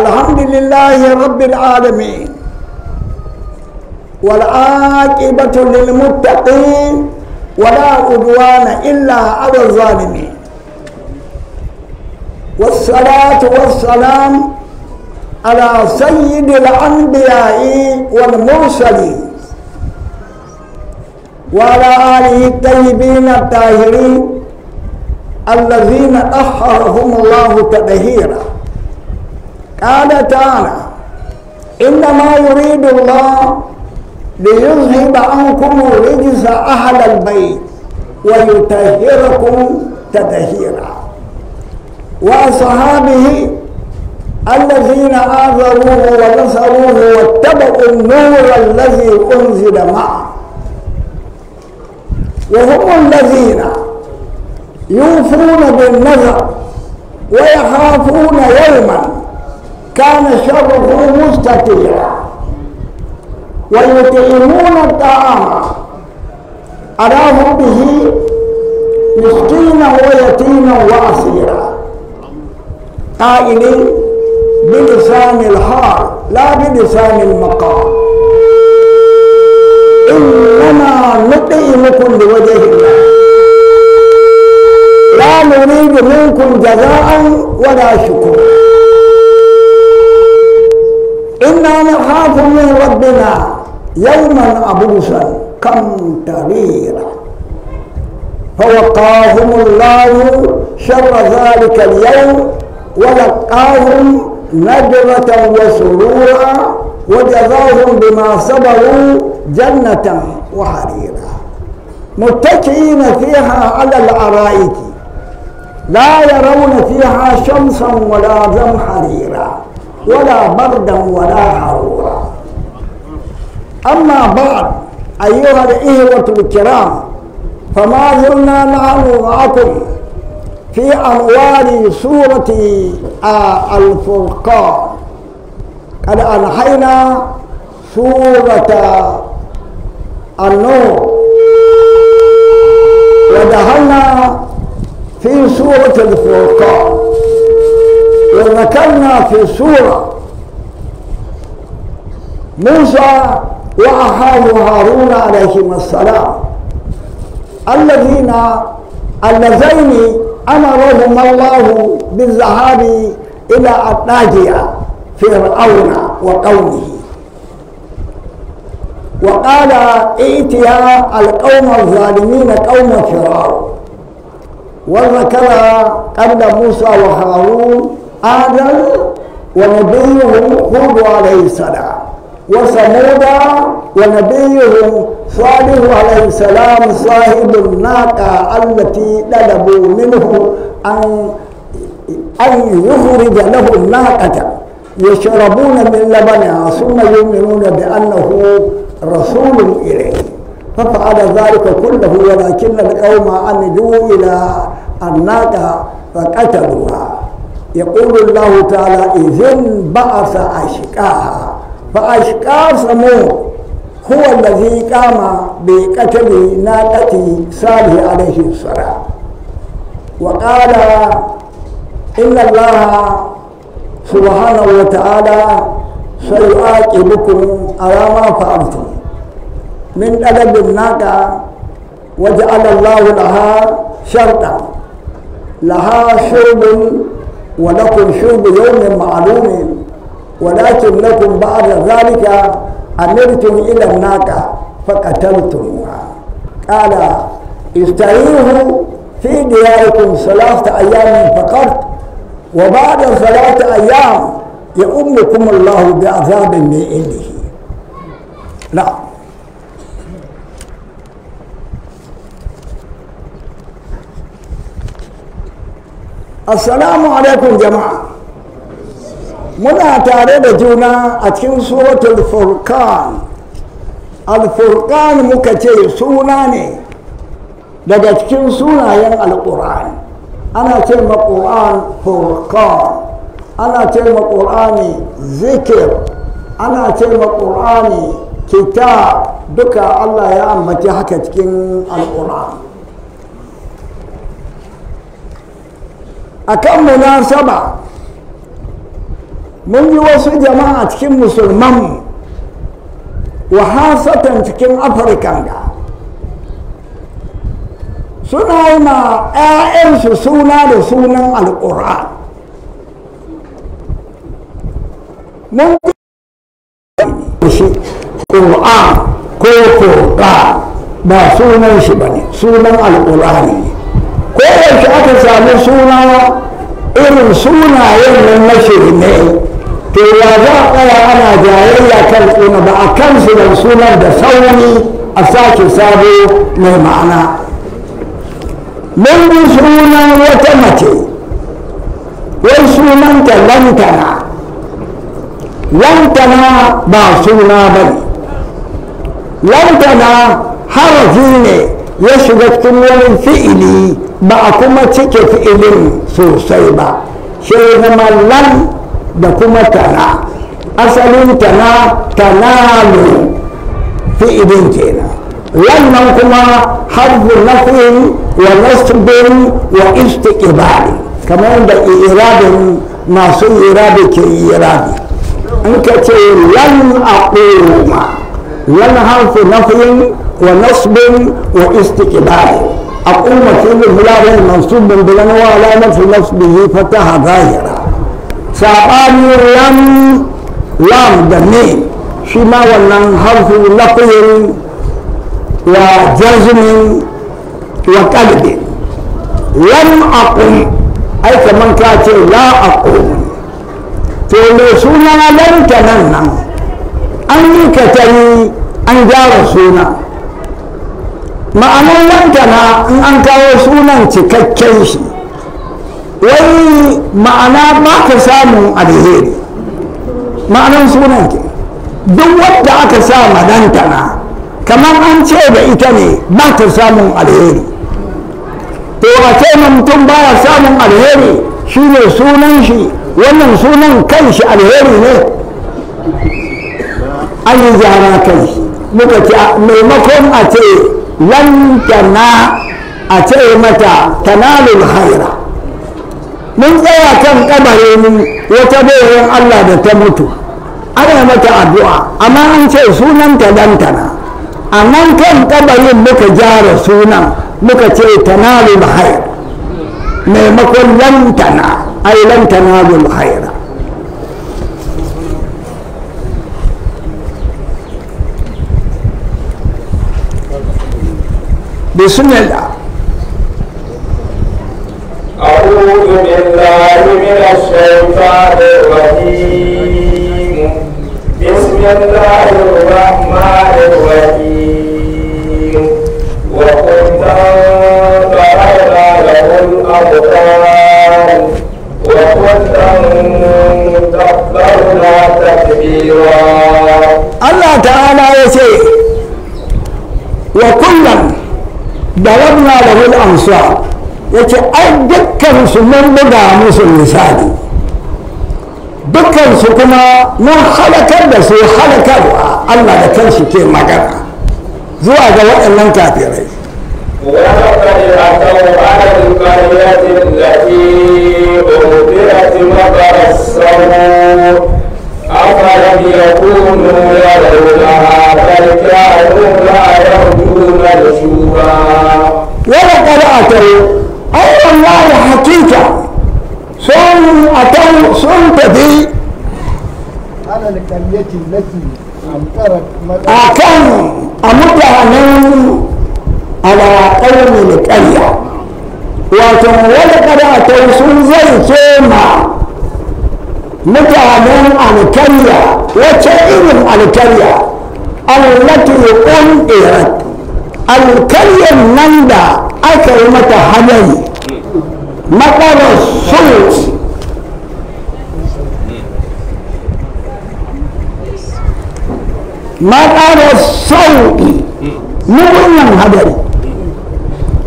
الحمد لله رب العالمين والعاقبة للمتقين ولا عدوان إلا على الظالمين والصلاة والسلام على سيد الأنبياء والمرسلين وعلى آله الطيبين الطاهرين الذين طهرهم الله تطهيرا قال تعالى إنما يريد الله ليذهب عنكم رجس أهل البيت ويطهركم تطهيرا وأصحابه الذين آذروه ونصروه واتبعوا النور الذي أنزل معه وهم الذين يوفون بالنذر ويخافون يوما كان شره مستترا ويطعمون الطعام أراهم به مسكينا ويتيما وأسيرا قائلين بلسان الحال لا بلسان المقام إنما نطعمكم لوجه الله لا نريد منكم جزاء ولا شكر يوما عبوسا كم تغيرا فوقاهم الله شر ذلك اليوم ولقاهم نجرة وسرورا وجزاهم بما صبروا جنة وحريرا متكئين فيها على الأرائك لا يرون فيها شمسا ولا زمحريرا ولا بردا ولا أما بعد أيها الإخوة الكرام فما زلنا نحن معكم في أنوار سورة آه، الفرقان قد أنحينا سورة آه، النور ودخلنا في سورة الفرقان وذكرنا في سورة موسى وأخاه هارون عليهما السلام الذين اللذين أمرهما الله بالذهاب إلى الناجية فرعون وقومه وقال ائتيا القوم الظالمين قوم فرعون وذكر قبل موسى وهارون آدم ونبيه هود عليه السلام وثمود ونبيهم صالح عليه السلام صاحب الناقة التي طلبوا منه أن أن يخرج له الناقة يشربون من لبنها ثم يؤمنون بأنه رسول إليه ففعل ذلك كله ولكن القوم عمدوا إلى الناقة فقتلوها يقول الله تعالى إذ انبعث أشقاها فأشقى ثمود هو الذي قام بقتل ناقة صالح عليه الصلاة وقال إن الله سبحانه وتعالى سيعاقبكم على ما فعلتم من أدب الناقة وجعل الله لها شرطا لها شرب ولكم شرب يوم معلوم ولكن لكم بعد ذلك أمرتم إلى الناقة فقتلتموها قال استعينوا في دياركم ثلاثة أيام فقط وبعد ثلاثة أيام يؤمكم الله بعذاب من عنده نعم السلام عليكم جماعه muna tare da juna a cikin suratul furkan al muka ce suna ne daga cikin sunayen al-qur'an ana ce ma furkan ana ce ma zikir ana ce ma kitab duka Allah ya ambaci haka cikin al-qur'an akan munasaba mun ji wasu jama'a cikin musulman wa hasatan cikin afirkan da suna yi ma 'ya'yansu suna da sunan alƙur'an mun shi ƙur'an ko ƙur'an ba sunan shi ba ne sunan alƙur'ani ne ko aka sami suna irin sunayen nan na shirme to ya za a tsaya ana jayayya kan tsuna ba a kan da sunan da sauri a sake sabo mai ma'ana mun bi sunan wata mace wai sunanta lantana lantana ba suna ba ne lantana haraji ne ya shiga cikin wani fi'ili ba a kuma cike fi'ilin sosai ba shi zama lantana da kuma tana asalin tana tana tanalu fi'ilin kenan wannan kuma harfu nafin wa nasbin wa istiqbali kamar yadda irabin masu irabi ke irabi in ka ce lan a aquma lan harfu nafin wa nasbin wa istiqbali aquma fi'lun mudari mansubun bi lan wa la nafsu nasbihi fataha zahira sabanin lam lam da ne shi ma wannan harfu lafiyin wa jazmin wa kalbi lam aqul ai kaman ka ce la aqul to me suna lam ta nan nan an yi ka ta yi an gyara suna ma'anar lam ta na in an kawo sunan cikakken shi wai ma'ana ba ka samun alheri ma'anan suna ke duk wadda aka sa madantana kamar an ce da ita ne ba ta samun alheri to a ce mutum baya samun alheri shi ne sunan shi wannan sunan kan shi alheri ne an yi zara kai muka ce maimakon a ce lantana a ce mata tanalul haira mun tsaya kan mu wata bayan Allah da ta mutu ana mata addu'a amma an ce sunan ta dantana amma kan kabarin muka gyara sunan muka ce tanalu hayr maimakon lantana ai lantana bil hayra bismillah من الشيطان الرجيم بسم الله الرحمن الرحيم وقل تنفعنا له الأبطال وقل تنفعنا تكبيرا الله تعالى يسير وكلا ضربنا له الأمثال ya ce ai dukkan su mun buga musu misali dukkan su kuma mun halakar da su halakarwa Allah da kanshi ke magana zuwa ga waɗannan kafirai ولقد أفلم يكونوا يرونها بل كانوا لا يرجون نشورا ولقد أتوا ai wallahi hakika sun akan sun tafi a kan a mutanen ala ƙarni da ƙarya wato wani ƙaratai sun zai ma mutanen alkarya wacce irin alkarya allatu ƙun irat alkaryar nan da aka yi mata hadari makarar sult makarar sauƙi mugunyan hadari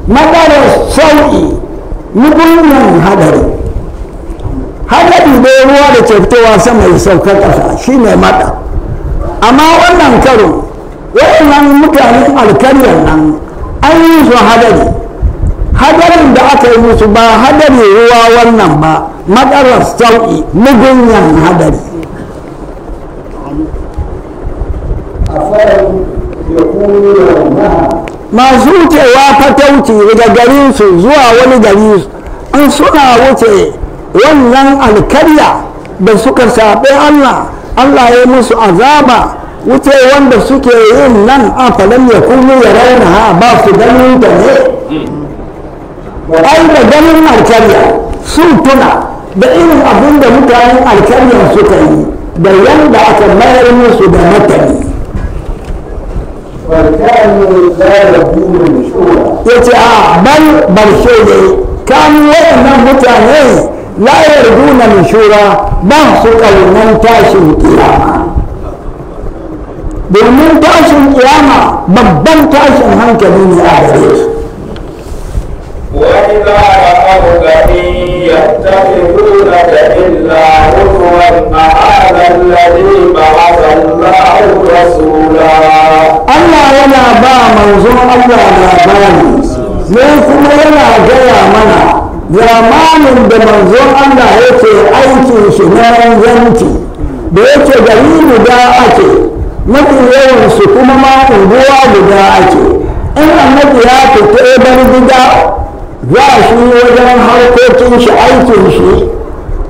makarar sauƙi mugunyan hadari hadari da ruwa da ke fitowa sama ya saukar ƙasa shi ne mata amma wannan karo waɗannan mutanen alkariyar nan an yi su hadari hadarin da aka yi musu ba hadari ruwa wannan ba matsalar sauƙi mugunyan hadari masu wucewa fatauci daga su zuwa wani gari an suna wuce wannan alkarya da suka saɓe allah allah ya musu azaba wuce wanda suke yin nan a falon ya kuma ya rauna ha ba su ganin da ne ai da ganin alkariya sun tuna da irin abin da mutanen alkariya suka yi da yadda aka mayar musu da matani ya ce a ban barshe ne kanu waɗannan mutane la yarduna mishura ba su ƙaunar tashin kiyama domin tashin kiyama babban tashin hankali ne a gare shi وإذا رأوك إن يتخذونك إلا هزوا أهذا الذي بعث الله رسولا الله ولا با منظور الله لا باني لكم ولا جاي منا يا مالن بمنظور الله يتي أيتي شنان ينتي بيتي دليل mafi yawan su kuma ma unguwa guda ake in annabi ya fito ya gida za shi wajen harkokin shi aikin shi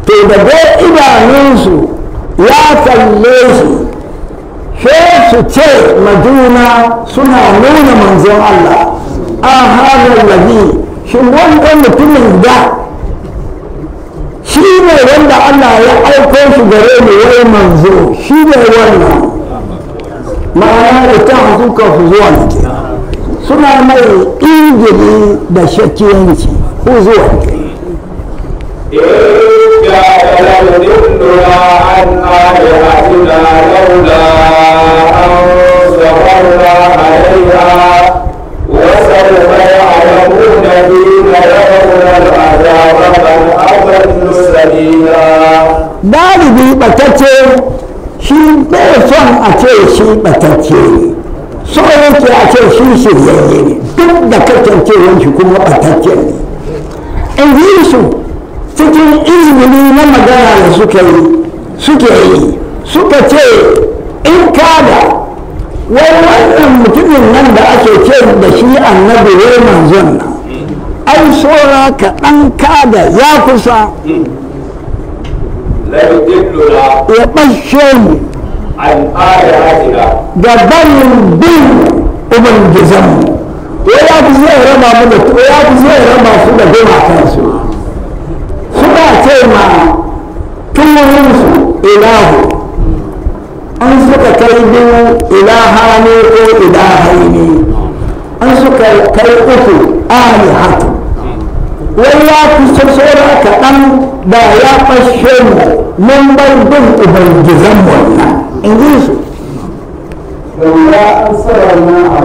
to da dai idanunsu ya kalle su sai su ce majuna suna nuna manzon Allah a haɗar nabi shi wanda mutumin da shi ne wanda Allah ya aiko shi gare mu wai manzo shi ne wannan ma'ana da ta hazuka huzuwa ne ke suna mai ingili da shakiyanci huzuwa ne عن آلهتنا ce shi batacce ne so yake a ce shi shiryayye ne duk da kasancewar shi kuma batacce ne in yi su cikin ilimi na magana da suka yi suke yi suka ce in kada wai wannan mutumin nan da ake ce da shi annabi wai manzon nan ai saura kaɗan kada ya kusa hmm. ya ɓashe mu ga barin bin ubangijinmu to ya fi zai raba mu da to ya fi zai raba su da gumakansu suna ce ma tunurinsu ilahu an suka kai biyu ilaha ne ko ilahai ne an suka kai uku alihatu wani ya fi sassora kaɗan da ya fashe mu mun bar bin ubangijinmu wannan in an ba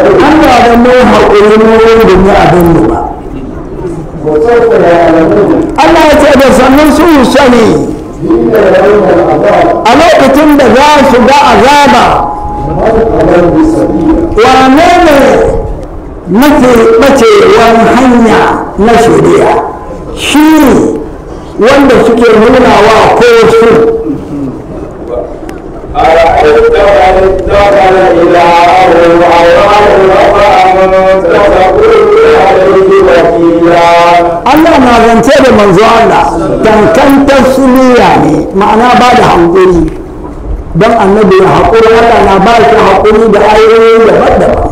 da mun haƙuri wurin da ni abin mu ba Allah ya ce da sannan su sani a lokacin da za su ga azaba wane ne mafi wani hanya na shari'a shi wanda suke nuna wa ko su أتدخل Allah na zance da manzo Allah su suliya ne ma'ana ba da hankuri don annabi ya haƙuri Allah na ba shi haƙuri da ayoyi daban-daban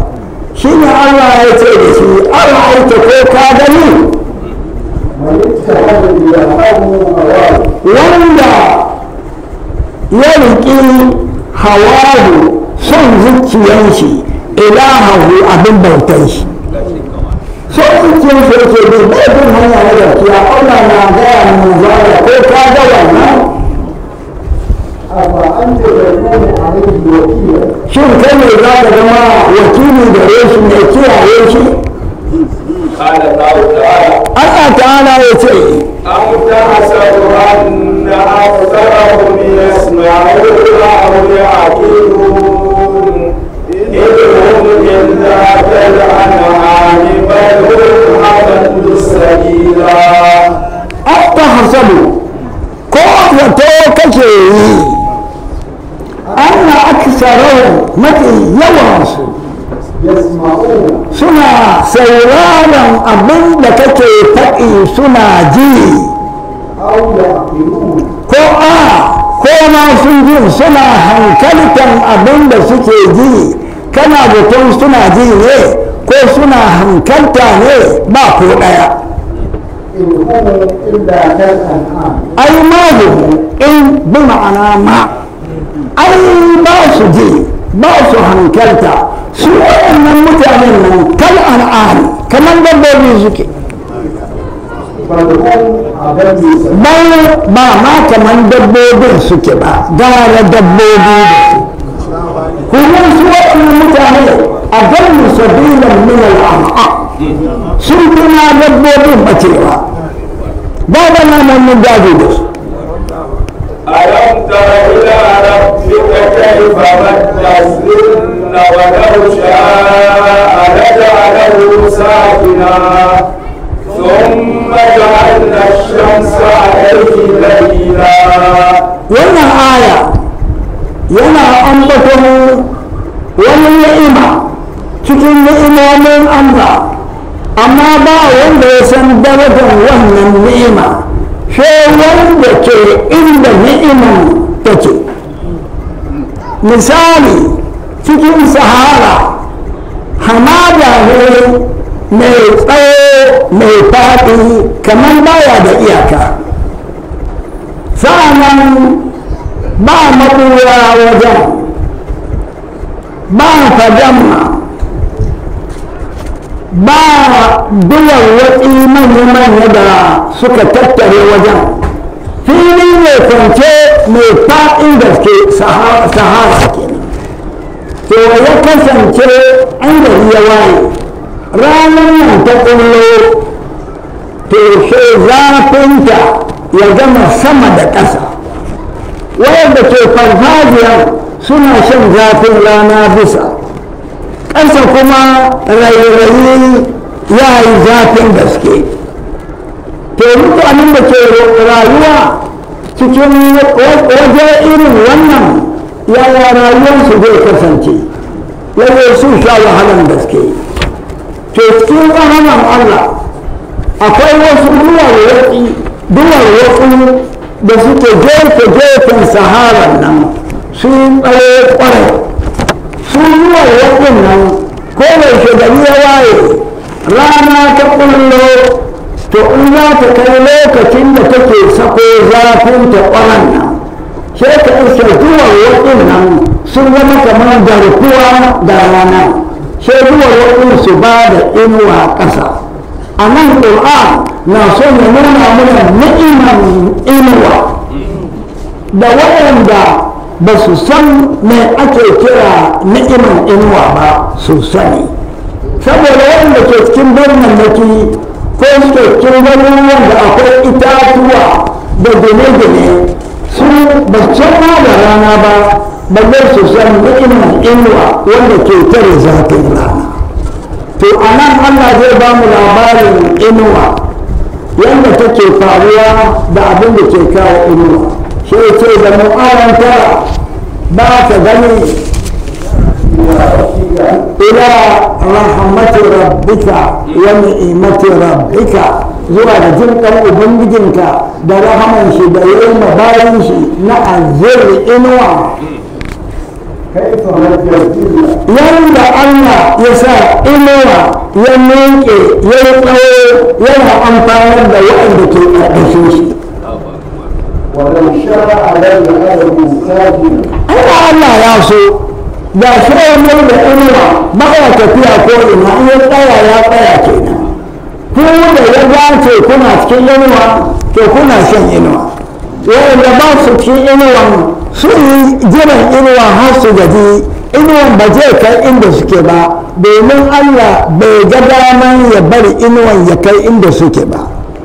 shi ne Allah ya ce da shi Allah ya ce ko ka gani wanda ya riƙi hawahu son zuciyar shi ilahahu abin bautan shi son zuciyar shi yake bi bai bin hanya na gaskiya Allah na gaya mu zara ko ka ga wannan shin kai ne za ka zama wakili gare shi mai kiyaye shi Allah ta'ala ya ce da suke ji kana zaton suna ji ne ko suna hankalta ne ba ko ɗaya ai ma mahu in bi ma'ana ma ai ba su ji ba su hankalta su waɗannan mutanen nan kal al'ani kamar dabbobi suke bai ba ma kamar dabbobin suke ba gara dabbobi da أضل سبيلا من الأرقى سنتنا نبوتهم بشيرا بعدنا من نجاجدس ألم تر إلى ربك كيف مد السن ولو شاء لجعله ساكنا ثم جعلنا الشمس عليه دليلا wannan aya yana ambaton wani ni'ima ni'imomin Allah amma ba wanda ya san darajar wannan ni'ima sai wanda ke inda ni'iman take misali cikin sahara hamada ne mai tsawo mai faɗi kamar baya da iyaka sa'anan ba maɗura wajen ba fadamma ba biyan watsi manya-manya da suka tattare wajen fili mai kwance mai faɗin gaske sahara to ya kasance an gari ya waye ranar nan ta ƙullo to sai zafinta ya gama sama da ƙasa wayar da ke farfajiyar suna shan zafin rana bisa ƙasa kuma rairayi ya yi zafin gaske to mutanen da ke rayuwa cikin waje irin wannan yaya rayuwarsu zai kasance lalle su sha wahalan gaske to cikin wahalan allah akwai wasu duwar da suke gefe-gefen saharar nan sun tsaye kwarai su zuwa yankin nan ko mai shugari ya waye rana ta kullo to in za ta kai lokacin da take sako zafin ta ƙwaran nan sai ka zuwa yankin nan sun zama kamar garkuwa da rana sai zuwa yankin su ba da inuwa ƙasa a nan ƙur'an na so ya nuna mana inuwa da waɗanda ba su san mai ake kira ni'imar inuwa ba su sani saboda wanda ke cikin birnin naki ko suke cikin garuruwan da akwai itatuwa da gine-gine su ba canwa da rana ba ba zai su san ni'imar inuwa wanda ke tare zafin rana to a nan allah zai ba mu labarin inuwa yadda take faruwa da abin da ke kawo inuwa shi ce da mu'awar ba ka gani ila rahamati rabbika wa ni'imati rabbika zuwa da jin ɗan ubangijinka da rahaman shi da yayin ma bayan shi na azir inuwa yanda Allah ya sa inuwa ya miƙe ya yi tsawo yana amfani da waɗanda ke ƙarƙashin shi ولو شرع علينا هذا المساجد kuma Allah ya so ya shirya da inuwa baya tafiya ko ina in ya tsaya ya tsaya kenan ku da ya ce kuna cikin inuwa to kuna shan inuwa wanda ba su cikin inuwan su yi jiran inuwa har su gaji inuwan ba zai kai inda suke ba domin allah bai ga daman ya bari inuwan ya kai inda suke ba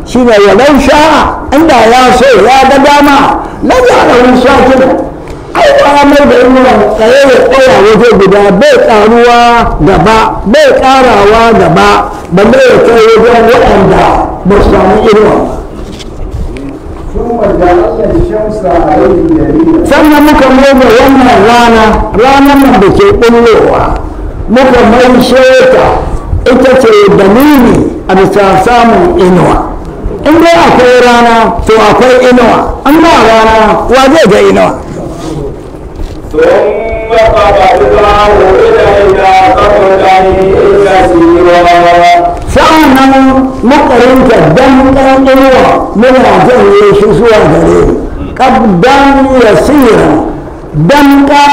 shi ne ya sha'a inda ya so ya ga dama na jarar shakin ai ƙaramar da yana tsaye ya tsaya waje guda bai ƙaruwa gaba bai ƙarawa gaba balle kai wajen waɗanda ba su samu sannan muka maida wannan rana ranar nan da ke ɓullowa muka mai sheta ita ce dalili a bisa samun inuwa in dai akwai rana to akwai inuwa an ba rana wa zai ga inuwa ثم قبضناه إلينا قبضا كثيرا فأنا مقرن كدم قلوة من أجل يشوفوا غريب قبضا يسيرا دمكا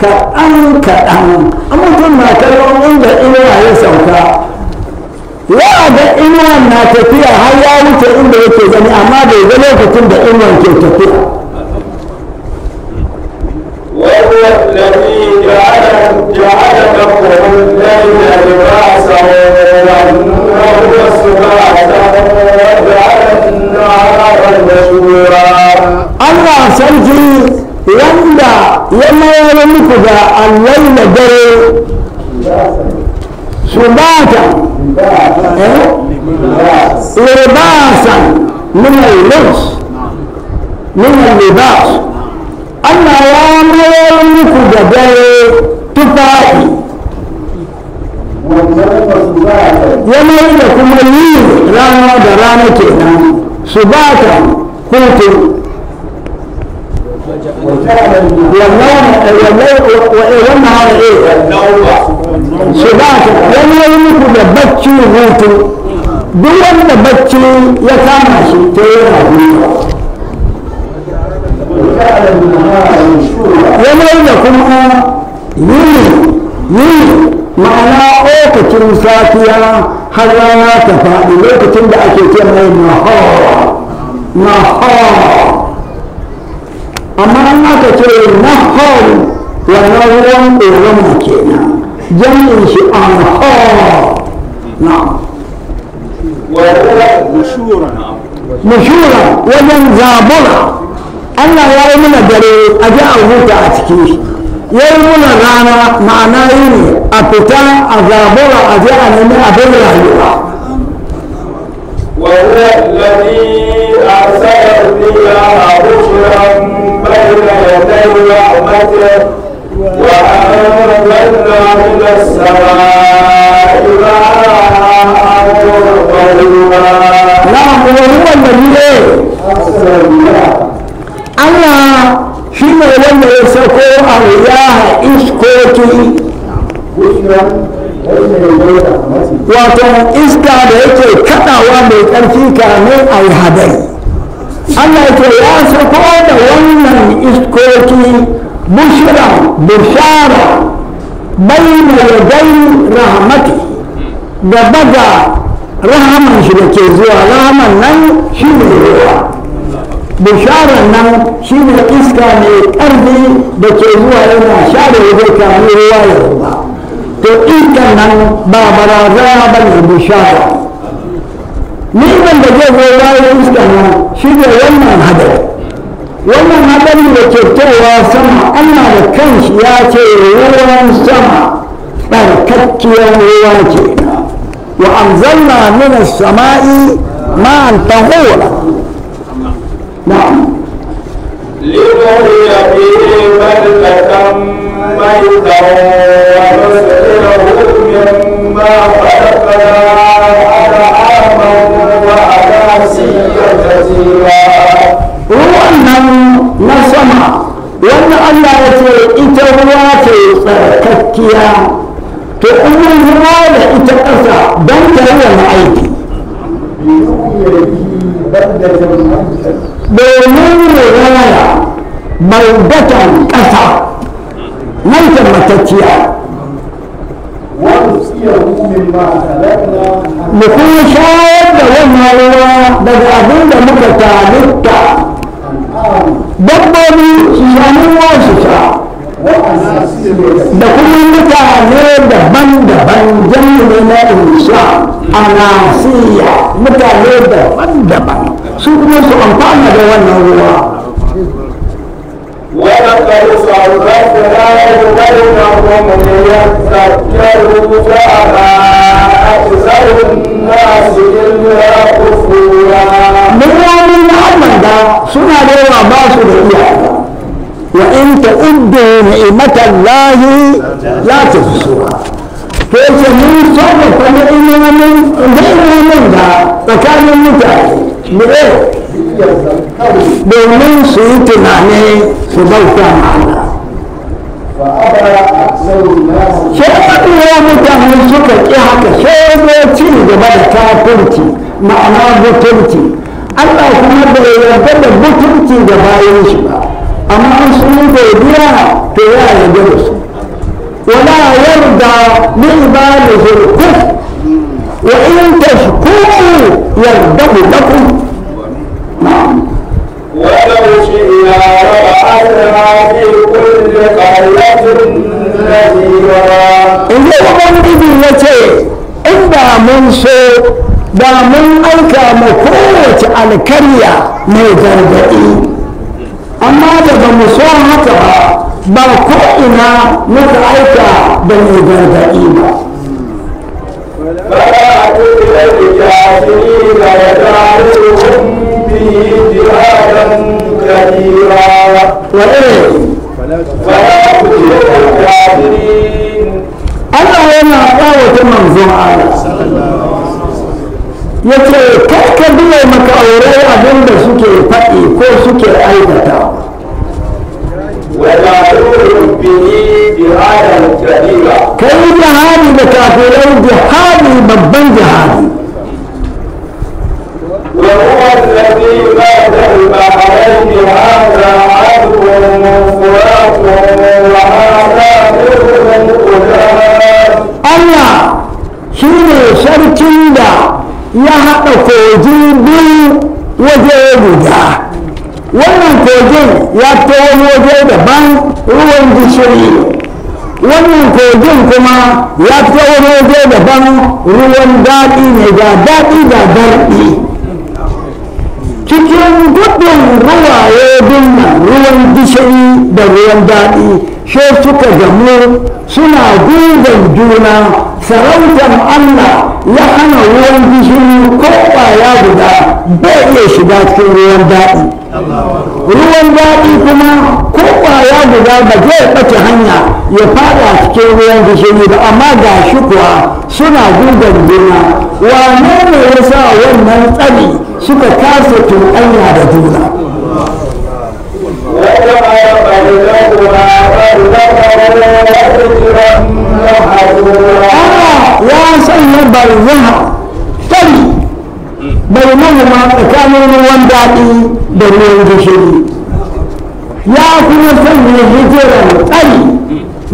كأن كأن أما ثم كلام عند إله يسوكا ya ga inuwan na tafiya har ya wuce inda yake gani amma bai ga الذي جعل جعل لكم الليل لباسا والنوم سباسا وجعل النهار نشورا الله سلجي wanda ya mayar muku da allai da dare su ba ta libasan min al-libas min al-libas Allah ya mayar muku da dare tufafi ya mai da kuma yi rana da rana kenan su ba ka hutu wannan hana iya su ba ka yanayi muku da bacci hutu duk wanda bacci ya kama shi ta yi rafi wannan da kuma yini yini ma'ana lokacin safiya har rana ta faɗi lokacin da ake ce mai nahar nahar amma an aka ce nahar wannan ruwan ɗorama kenan jami'in shi a nahar na mashura wajen zabura الله يا من الدليل أجا أبوك أتكي يرمنا رانا معنا يني أبتا أذابولا أجا أنني أبولا يلا والذي أرسل لي بشرا بين يدي رحمته وأنزلنا من السماء ماء مطهرا نعم وهو الذي sako aryaha iskoki wato iska da yake kaɗawa mai ƙarfi kame a yi hadari Allah ke ya sako da wannan iskoki bushira bushara bayyana yadai rahmati da baga rahaman shi da ke zuwa rahaman nan shi ne bisharar nan shi ne iska mai ƙarfi da ke zuwa yana share wajen kamun ruwa ya zuba to iskan nan ba barazana ba ne bishara ni'imar da zai zo bayan iska nan shi ne wannan hadari wannan hadari da ke towa sama allah da kanshi ya ce ruwan sama tsarkakkiyar ruwa ke wa anzalna min as-sama'i ma'an tahura نعم لنحيي به ملكة ميتا ونسقيه مما خلقنا أنعاما وأناسيا كثيرا wannan na sama wannan Allah ya ce ita ruwa ce tsarkakkiya to kuma ruwa da ita ƙasa don ta yi wani domin mu raya mai datan ƙasa mai tabbatacciya mu kuma shayar da wannan ruwa daga abin da muka taluta dabbobi su sami ruwa da kuma mutane daban-daban jami'in na insha a nasiya mutane daban-daban su kuma su amfana da wannan ruwa ولقد صرفنا بينهم أكثر الناس إلا كفورا من يوم الأمر ده سنة ليوا باسو بالإياه وإن تعدوا نعمة الله لا تحصوها فإذا من صرف فإننا من غير من ذا وكان المتعلم domin su yi tunani su bauta ma Allah shaɗin ya mutane suka ƙi haka shaidoci gaba da kafirci ma'ana butulci Allah kuma bai yarda da butulci da bayan shi ba amma an sun yi godiya to ya yarda da su wala yarda li ibadihi al-kufr wa in tashkuru yarda lakum da mun aika ma kowace alkarya mai gargaɗi amma da ba mu so haka ba ba ko ina muka aika da mai gargaɗi ba Allah yana ƙawata manzon Allah ya ce kakka biya maka aure abin da suke faɗi ko suke aikata kai jihadi da kafirai jihadi babban jihadi وهو الذي بات البحرين هذا عدو وفراق وعاد haɗa kogi biyu waje guda wannan kogin ya ta wani waje daban ruwan gishiri wannan kogin kuma ya ta wani waje daban ruwan daɗi ne ga daɗi da daɗi cikin gudun ruwaye dinnan ruwan gishiri da ruwan daɗi she suka gamu suna duban juna sarautar allah ya hana ruwan gishiri ko kwaya guda bai iya shiga cikin ruwan daɗi ruwan daɗi kuma ko kwaya guda ba zai ɓace hanya ya fada cikin ruwan gishiri ba amma ga shi kuwa suna gudan juna wane ne ya sa wannan tsari suka kasa tunanya da juna ana ya sanya barzaha tari bai mahuma tsakanin ruwan daɗi da ruwan gishiri ya kuma sanya hijiran tsari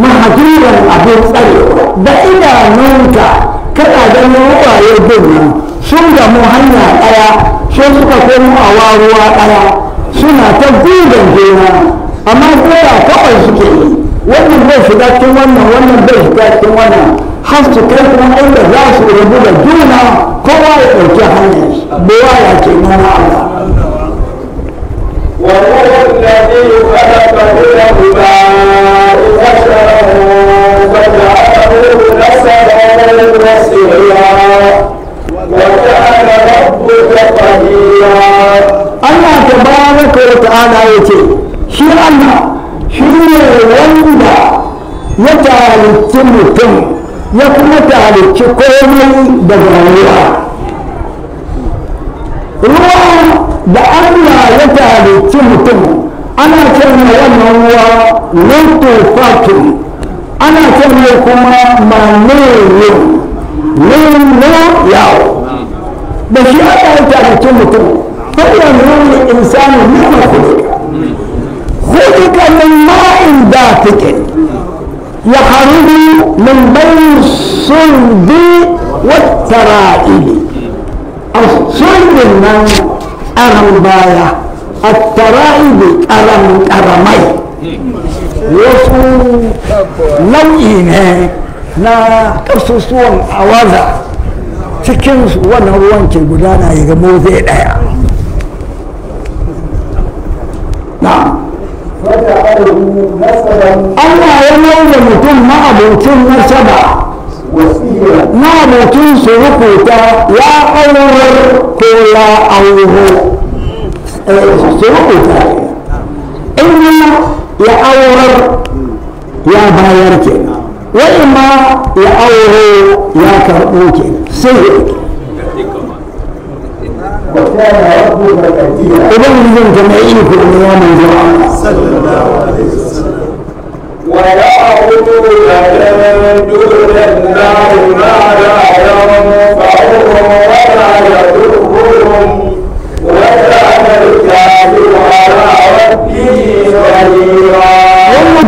mahajiran abin tsari da idanunka kana ganin ruwaye gudun sun gamu hanya ɗaya sun suka komo a waruwa ɗaya suna ta gudan juna amma kowa kawai suke yi wannan bai shiga cikin wannan wannan bai shiga cikin wannan har su kai kuma inda za su rabu da juna kowa ya ɗauki hanyar bowa ya ce mana Allah وهو الذي خلق بينهما بشرا فجعله نسبا وسريا وكان ربك قديرا الله تبارك وتعالى يتي شيء الله shi ne wanda ya talici mutum ya kuma talici komai daga ruwa ruwa da allah ya talici mutum ana cewa wannan ruwa lutufatun ana cewa kuma maneyin nuna yawo da shi aka yi talici mutum sai yanzu insani ne makulika خلق من ماء دافق يخرج من بين الصلب والترائب الصلب من أرمبايا الترائب أرم أرمي wasu nau'i ne na ƙasusuwan awaza cikin wannan guda ke gudana ya ga ɗaya مثلا أنا أنا أنا ما أنا أنا أنا أنا أنا أنا أنا أنا يا أنا أنا أنا أنا أنا أنا إما أنا يا يا أنا وإما يا يا وكان ربك كثيرا وبين جميعكم يوم الجمعه صلى الله عليه وسلم ويعبدون من دون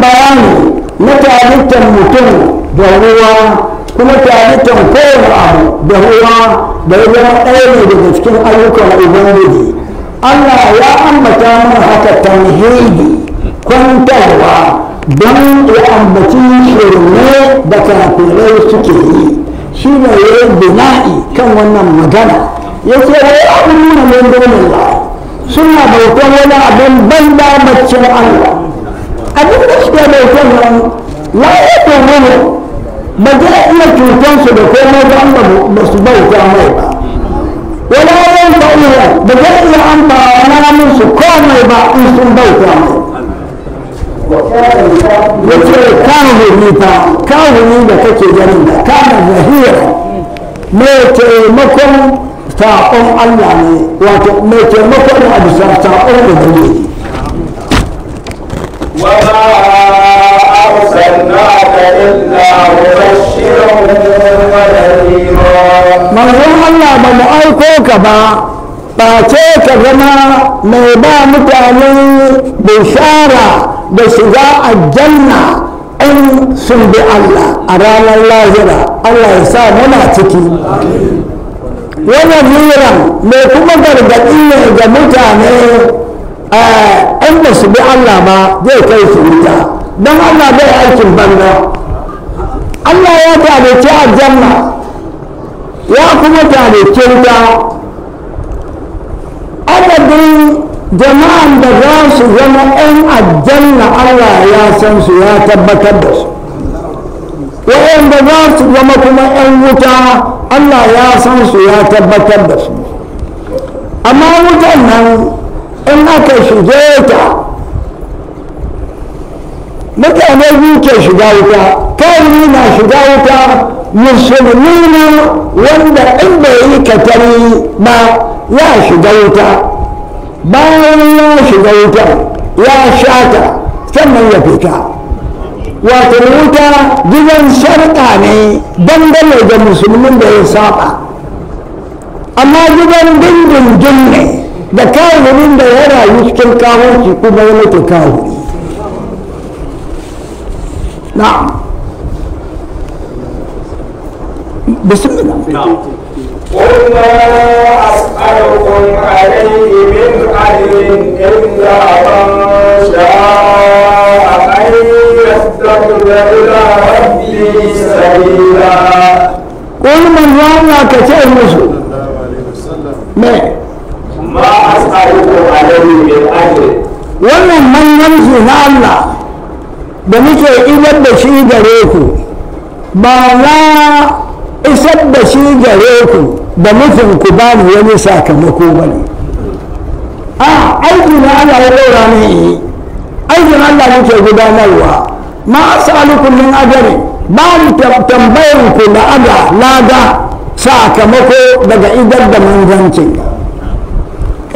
bayani na talitan mutum da ruwa kuma talitan kowane abu da ruwa da ya zama ɗaya daga cikin ayyukan ubangiji allah ya ambata mana haka tamhidi kwantarwa don ya ambaci shirme da kafirai suke yi shi ne ya yi bina'i kan wannan magana ya ce wai abubuwa ne domin ba suna bautan wani abin ban da macin allah abin da suke bautan nan la ya ne ba zai iya cutansu da komai ba don ba su bauta mai ba wani abin da iya ba zai iya amfana musu komai ba in sun bauta mai ya ce kahuni fa kahuni da kake ganin da zahira mai taimakon saƙon Allah ne wato mai taimakon a bisa saƙon da gare ne وما أرسلناك إلا مبشرا ونذيرا من هو الله بن ka zama mai ba mutane bishara da shiga aljanna in sun bi Allah a ranar lahira Allah ya sa muna ciki wannan hiran mai kuma gargaɗi ne ga mutane eh, in da su bi Allah ba zai kai su wuta don Allah bai aikin banga Allah ya tarice aljanna ya kuma tarice wuta Allah jama'an da za su zama 'yan aljanna Allah ya san su ya tabbatar da su waɗanda za su zama kuma 'yan wuta Allah ya san su ya tabbatar da su amma wutan nan in aka shige ta mutane biyu ke shiga wuta kawai na shiga wuta musulmi ne wanda in bai yi katari ba ya shiga wuta bayan ya shiga wuta ya shata sannan ya fita wato wuta gidan sarƙa ne dangane da musulmin da ya saba amma gidan dindindin ne da kawunin da ya rayu cikin kawunci kuma ya mutu kawuni na'am bismillah قل ما أسألكم عليه من أجر إلا من شاء أن يتخذ إلى ربه سبيلا قل من يرى كتير مسلم ما أسألكم عليه من أجر wannan manyan su na Allah da muke idar da shi gare ku ba za isar da shi gare ku da nufin ku ba ni wani sakamako ba ne a aiki da Allah ya daura ne yi aikin Allah muke gudanarwa ma asalukum min ajri ba ni tambayan ku da aga lada sakamako daga idar da manzanci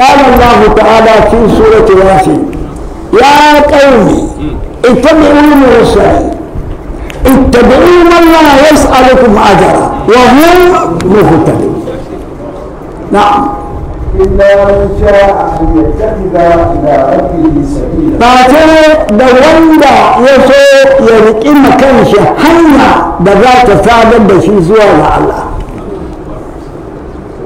قال الله تعالى في سورة ياسين يا قوم اتبعوا المرسلين اتبعوا من لا يسألكم أجرا وهم مهتدون نعم إلا من شاء أن يتخذ إلى ربه سبيلا فاتي دورندا يسو يرقي مكانش حنا بذات ثابت بشي زوال الله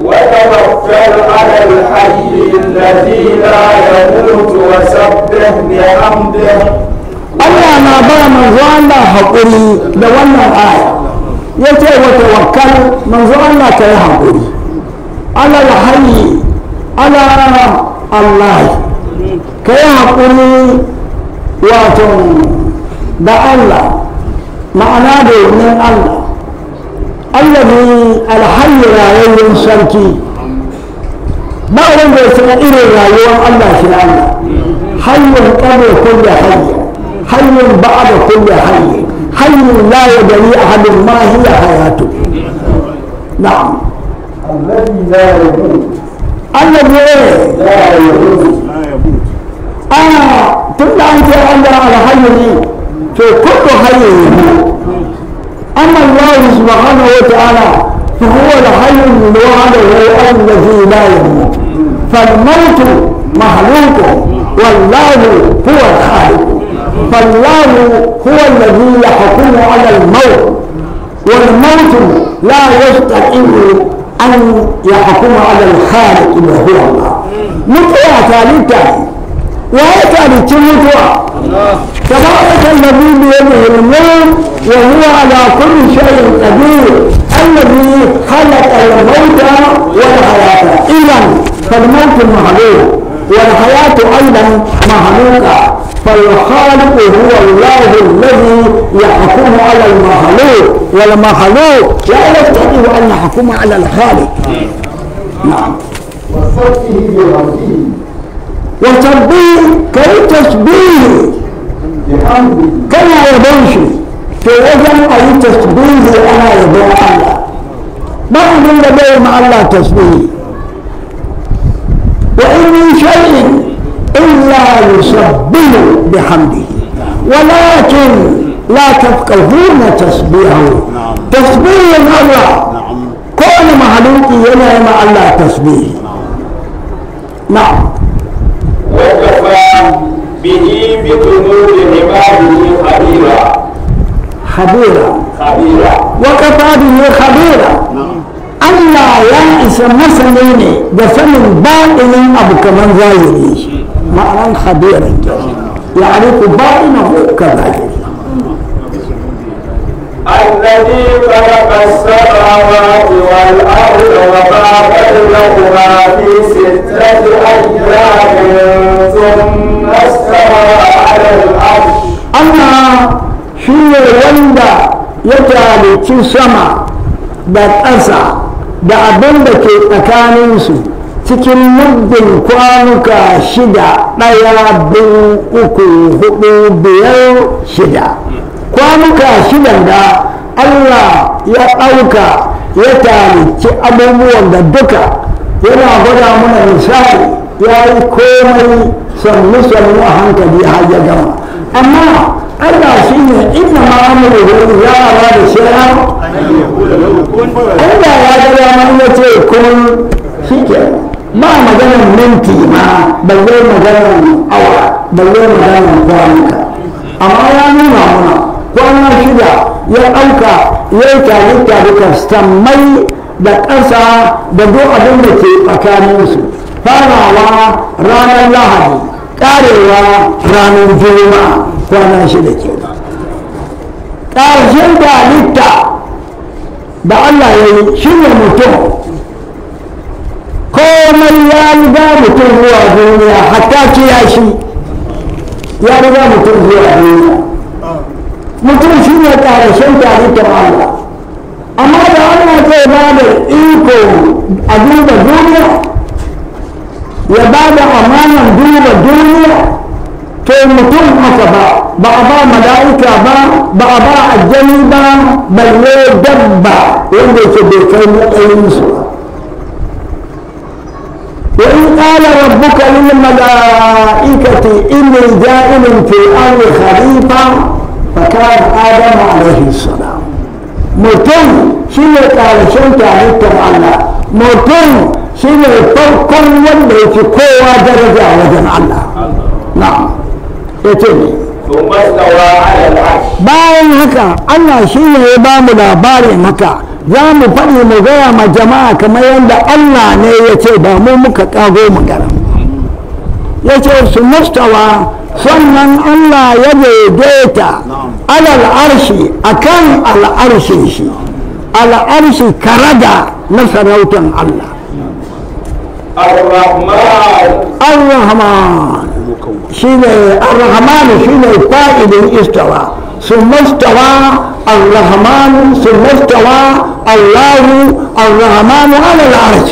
وتوكل على الحي الذي لا يموت وسبح بحمده Allah na ba manzo Allah haƙuri da wannan aya ya ce wa tawakkal manzo Allah ka yi haƙuri ala lahayi ala Allah ka yi haƙuri wato da Allah ma'ana domin Allah Allah ne alhayi rayuwar sarki ba wanda ya san irin rayuwar Allah shi Allah hayyar kabo ko da hayyar حي بعد كل حي حي لا يدري أحد ما هي حياته نعم الذي لا يموت الذي إيه؟ لا يموت آه تبدأ أنت عندنا على حي في كل حي يموت أما الله سبحانه وتعالى فهو الحي وحده الذي لا يموت فالموت مخلوق والله هو الخالق فالله هو الذي يحكم على الموت والموت لا يستطيع أن يحكم على الخالق إلا هو الله مطوع تالي تالي وهي تالي تمطوع تبارك الذي بيده الموت وهو على كل شيء قدير الذي خلق الموت والحياة إذا فالموت مهلوك والحياة أيضا مهلوكة فالخالق هو الله الذي يحكم على المخلوق والمخلوق لا يستطيع أن يحكم على الخالق نعم وصفه كي تشبيه كما يبنش في وزن أي تشبيه أنا يبن الله ما أظن بين مع الله تشبيه وإن من شيء ولا يسبه بحمده ولكن لا تفقهون تسبيحه تسبيح الله كل مخلوق يلا مع الله تسبيح نعم وكفى به بذنوب عباده خبيرا خبيرا خبيرا وكفى به خبيرا Allah ya isa masani ne da sanin baɗinin abu kamar zahiri ماء خبيرا يعرف يعني هو كبير الذي خلق السماوات والأرض وما بينهما في ستة أيام ثم استوى على العرش أما في وندا يجعل تسمى da ƙasa da abin da cikin muddin kwanuka shida ɗaya biyu uku hudu biyar shida kwanuka shida da allah ya ɗauka ya tarihci abubuwan da duka yana gwada mana misali ya yi komai sannu sannu a hankali har ya gama amma allah shi ne inna ma'amuru ya ala da shayar allah ya gada damar ya ce kun shi kenan ba maganar minti ma balle maganar awa balle maganar kwanuka amma ya nuna muna kwana shida ya ɗauka ya yi tare tare kastamai da ƙasa da duk abin da ke tsakaninsu farawa ranar lahadi ƙarewa ranar juma'a kwana shida kenan ƙarshen da da Allah ya yi shi ne mutum komai ya riga mutum zuwa duniya hatta kiyashi ya riga mutum zuwa duniya mutum shi ne ƙarashen tarihin Allah amma da Allah zai ba da iko a duba duniya ya ba da amanan duba duniya to mutum haka ba ba a ba mala'ika ba ba a ba aljani ba balle dabba wanda yake bai kai matsayinsu ba وإن قال ربك للملائكة إني جائل في الأرض خليفة فكان آدم عليه السلام متن شنو قال شنو تعليق الله متن شنو فرقم وندي قوة درجة وجن الله نعم يتني ثم استوى على العرش باين هكا الله شنو يبامنا لاباري مكة za mu faɗi mu gaya ma jama'a kamar yadda Allah ne ya ce ba mu muka ƙago mu gara ya ce su mustawa sannan Allah ya daidaita alal arshi akan al'arshin shi al'arshi karaga na sarautan Allah ar-rahman shine ar-rahman shine fa'idin istawa su mustawa الرحمن ثم استوى الله الرحمن على العرش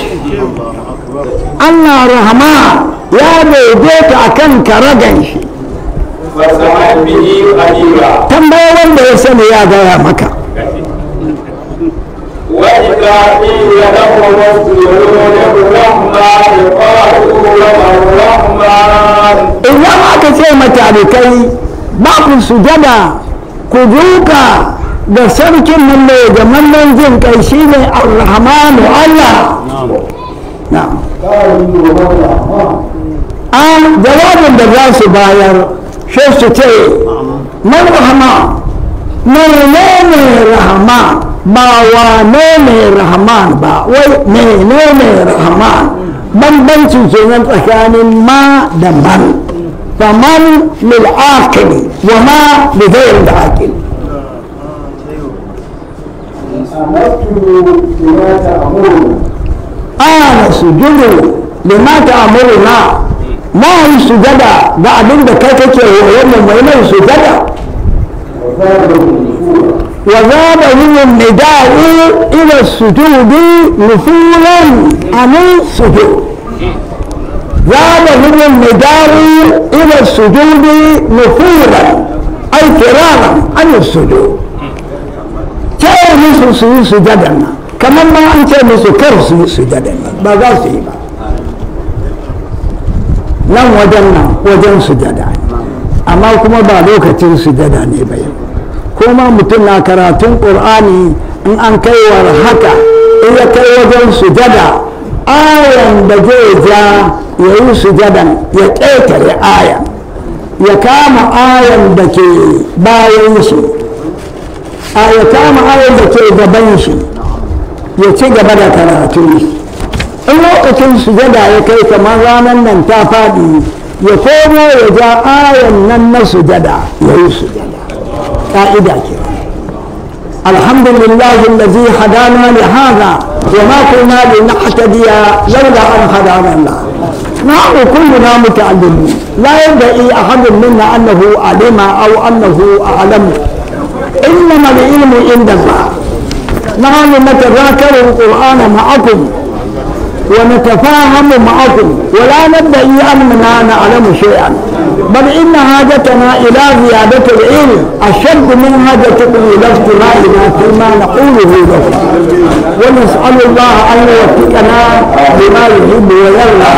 الله رحمن يا بيت أكن كرجل tambaye da ya sani ya gaya maka ina aka ce matalikai ba ku ku duka قصر كم الليجة من منزل كيشيلة الرحمن والله نعم, نعم. آه جواب الدراسة باير شفت تي نعم. ما الرحمن منين الرحمن ما وانين الرحمن با ومنين الرحمن من بنت جنان تكاني ما دمن فمن للعاقل وما لغير العاقل لما تأمرنا آه نسجد لما تأمرنا ما هي سجدة بعد ذلك كيف يوم ما هي سجدة وذاب من النداء إلى السجود نفورا عن السجود ذاب من النداء إلى السجود نفورا أي كراما عن السجود su su yi sujadan nan kamar ma an ce musu kar su yi sujadan nan ba za su yi ba nan wajen nan wajen sujada ne amma kuma ba lokacin sujada ne ba yau kuma mutum na karatun ƙur'ani in an kaiwar haka in ya kai wajen sujada ayan da zai ja ya yi sujadan ya ƙetare ayan ya kama ayan da ke bayan su a ya kama ayar da ke gaban shi ya ci gaba da karatu ne in lokacin sujada ya kai kamar ranar nan ta faɗi ya komo ya ja ayan nan na su gada ya yi su gada ƙa'ida ke alhamdulillah lazi hadana na hada wa ma kunna li nahtadiya lawla an hadana allah na ukullu na muta'allimu la yadai ahadun minna annahu alima aw annahu a'lamu إنما العلم عند الله نحن نتذاكر القرآن معكم ونتفاهم معكم ولا نبدأ أننا نعلم شيئا بل إن حاجتنا إلى زيادة العلم أشد من حاجتكم إلى اجتماعنا فيما نقوله لكم ونسأل الله أن يوفقنا بما يحب ويرضى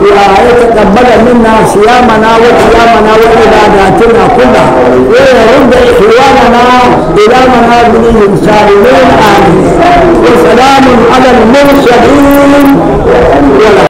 وأن يتقبل منا صيامنا وقيامنا وعباداتنا كلها ويرد إخواننا إلى منازلهم سالمين آمين وسلام على المرسلين